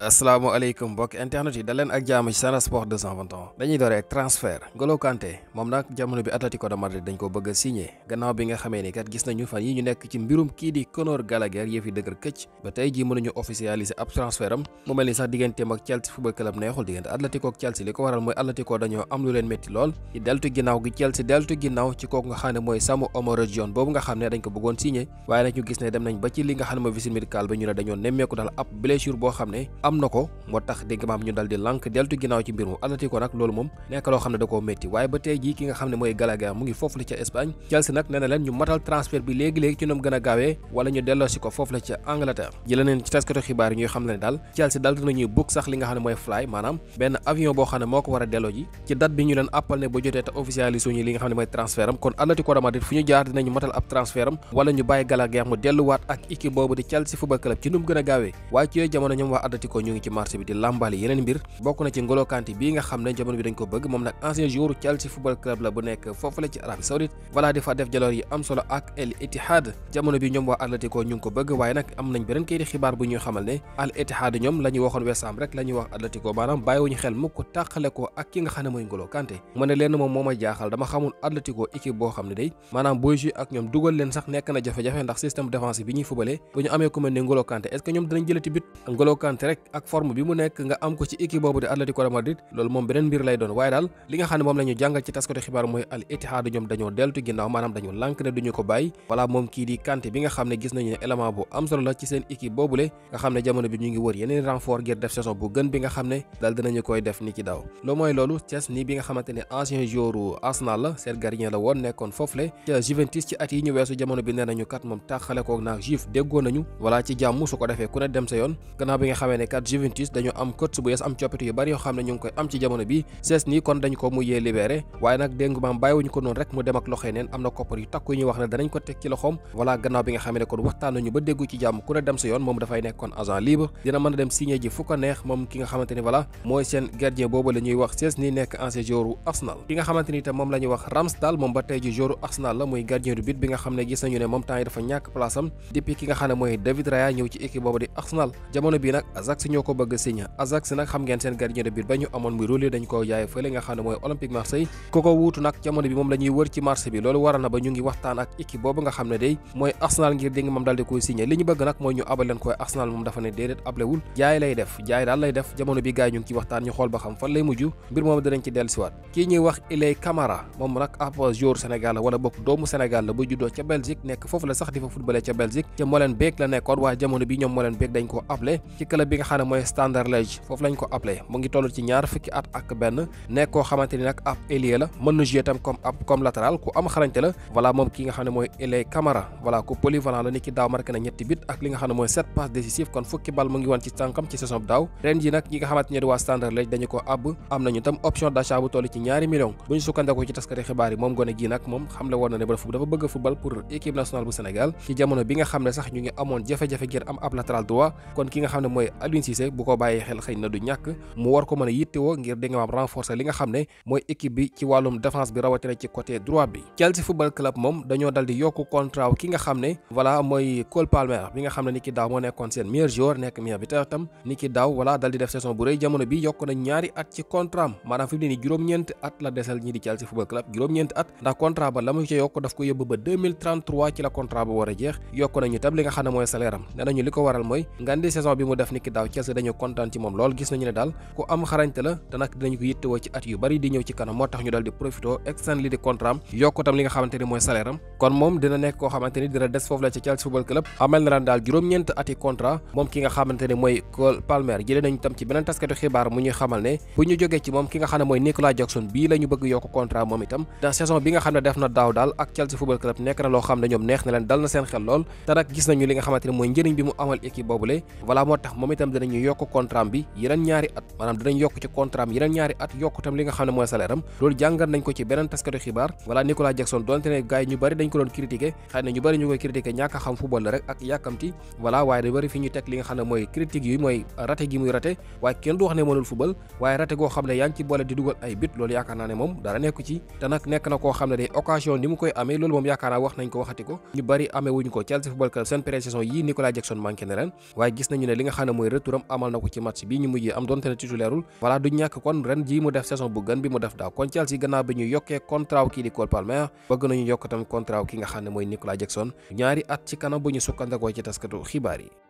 Assalamualaikum, bok internet yi dalen ak jaamu ci Sen Sport 221 dañuy doré transfert golo Kanté mom nak jamono bi Atlético de Madrid dañ ko bëgg signé gannaaw bi nga xamé ni kat gis nañu fan yi ñu nekk ci mbirum ki di Conor Gallagher yëf yi dëgër ba tey jii mënuñu officialiser ab transfert mu melni sax digënté mak Chelsea football club neexul digënté Atlético ak Chelsea liko waral moy Atlético dañu am lu leen metti lool yi deltu ginnaw gi Chelsea deltu ginnaw ci kooku nga xamné moy samu omar Region bobu nga xamné dañ ko bëggoon signé waye nak ñu gis né dem nañ ba ci li nga xamné mo visite ba ñu ne dañu nemmeeku dal ab blessure bo xamné am na ko moo tax dégg maam ñu dal di deltu ginnaaw ci mbir mu alati nag loolu moom nekk xam ne da koo waaye ba tey jii ki nga xam ne mooy Gallagher mu ngi foofu la ca Espagne Chelsea nag nee leen ñu matal transfert bi léegi-léegi ci ñoom gën a gaawee wala ñu delloo ko foofu la ca Angleterre jëla neen ci xibaar yi ñuy xam ne daal Chelsea dal dinañuy book sax li nga xam ne mooy fly maanaam benn avion boo xam ne moo ko war a ko ñu ngi ci marché bi di làmbaale yeneen mbir bokk na ci N'Golo Kanté bii nga xam ne jamono bi dañ ko bëgg moom nag ancien joueur Chelsea football club la bu nekk foofale ci Arabie Saoudite voilà di fa def jaloor yi am solo ak El Ittihad jamono bi ñoom waa Atlético ñu ngi ko bëgg waaye nag am nañ beneen kayit xibaar bu ñuy xamal ne Al Ittihad ñoom la waxoon West rek la wax Atlético maanaam bàyyiwuñu xel mukk tàqale ko ak ki nga xam ne mooy ak forme bi mu nek nga am ko ci équipe bobu di Atletico de Madrid lolou mom benen bir lay doon waaye dal li nga xamne mom lañu jangal ci tasko de xibar moy Al Ittihad ñom dañu deltu ginnaw manam dañu lank ne duñu ko bay wala mom ki di Kanté bi nga xamne ne gis nañu ne élément bu am solo la ci seen équipe le nga xamne ne jamono bi ñu ngi wër yeneen renfort ngir def saison bu gën bi nga xamne ne daal dinañu koy def ni daw lo moy lolou loolu ni bi nga xamante ne ancien joueur Arsenal la seen gardien la won nekkon foofule ca Juventus ci at yi ñu weesu jamono bi nee kat mom takhalé ko nak Juve nañu wala ci jamm su ko ku ne dem sa yoon gannaaw bi nga kat Juventus dañu am coach bu yees am coppite yu bari yoo xam ne ñu ngi koy am ci jamono bi sees nii kon dañ ko mujjee libéré waaye nag déngu maam bàyyiwuñu ko noonu rek mu dem ak loxoy am na koppar yu takku ñu wax ne danañ ko teg ci loxoom voilà gannaaw bi nga xam ne kon waxtaan nañu ba déggu ci jàmm ku ne dem sa yoon moom dafay nekk kon agent libre dina mën a dem signé ji fu ko neex moom ki nga xamante ni mooy seen gardien boobu ñoo ko bëgg signé Ajax nag xam ngeen seen gardien de but ba ñu amoon muy Rulli dañ ko jaay fële nga xam ne mooy Olympique Marseille ku ko wuutu nag jamono bi moom la ci marché kii ñuy wax Ilay Camara moom nag ab joueur Sénégal la bokk doomu Sénégal la ba juddoo ca Belgique nekk foofu la sax di fa footballé ca Belgique ca Molenbeek la nekkoon waaye jamono bi ñoom Molenbeek dañ ko ablé ci club bi nga xamne moy standard ledge fofu lañ ko appelé mo ngi tollu ci ñaar fukki at ak ben ne ko xamanteni nak ap ab ailier la mën na jouer tam comme ab comme latéral ku am xarañté la wala mom ki nga xam moy mooy Camara wala ku polyvalent la niki daw marqué na ñetti bit ak li nga xam moy passes kon fukki bal mo ngi won ci tankam ci saison daw ren ji nak yi nga xamanteni do standard ledge dañ ko ab am nañu tam option d'achat bu tollu ci ñaari million bu ñu sukkandeku ci taskari xibaari mom gone gi nak mom xamle won na ne dafa bëgg football pour équipe nationale bu Sénégal ci jamono bi nga xamne sax ñu ngi amone jafe-jafe gër am ab lateral droit kon ki nga xamne moy Aliou Cissé bu ko baye xel xeyna du ñak mu war ko mëna a yittewoo ngir dénga am renforcer li nga xamné moy équipe bi ci walum défense bi na ci côté droit bi Chelsea Football Club mom dañoo dal di yokku contrat ki nga xamné voilà moy Cole Palmer bi nga xamné niki daw mo daaw sen meilleur joueur meilleur bi tam niki daw voilà dal di def saison bu reuy jamono bi yokk na ñaari at ci contrat manam maanaam fi mu at la desal ñi di Chelsea Football Club juroom ñent at ndax contrat ba lamu ci yokk daf ko yóbbu ba 2033 ci la contrat ba wara a jeex yokk nañu tam li nga xamné moy salaire am nañu waral moy ngandi saison bi mu def niki ki Thiès dañoo kontaan ci moom lool gis nañu ne daal ku am xarañte la te nag dinañu ko yittewoo ci at yu bari di ñëw ci kanam moo tax ñu daal di profito externe di contrat am li nga xamante mooy salaire kon moom dina nekk koo xamante dina des foofu la ci Chelsea Football Club amal na daan daal juróom-ñeent ati contrat moom ki nga xamante mooy Cole Palmer jëlee nañu tam ci beneen taskatu xibaar mu ñuy xamal ne bu ñu jógee ci moom ki danañu yokk contrat bi yeneen ñaari at maanaam danañ yokk ci contrat am yeneen ñaari at yokk li nga xam ne mooy salaire loolu jàngat nañ ko ci beneen taskatu xibaar voilà Nicolas Jackson donte ne gars ñu bëri dañ ko doon critiqué xëy na ñu bëri ñu koy critiqué ñàkk a xam football rek ak yàkkamti voilà waaye dañu bëri fi ñu teg li nga xam ne mooy critique yi mooy raté gi muy raté waaye kenn du wax ne mënul football waaye raté goo xam ne yaa ngi turam amal na ko ci match bi ñu mujjee am donte ne titulairul voilà du ñàkk kon ren ji mu def saison bu gën bi mu def daaw kon Chelsea gannaaw bi ñu yokkee contrat kii di Cole Palmer bëgg nañu yokk tamit contrat ki nga xam ne mooy Nicolas Jackson ñaari at ci kanam bu ñu sukkandikoo ci taskatu xibaar yi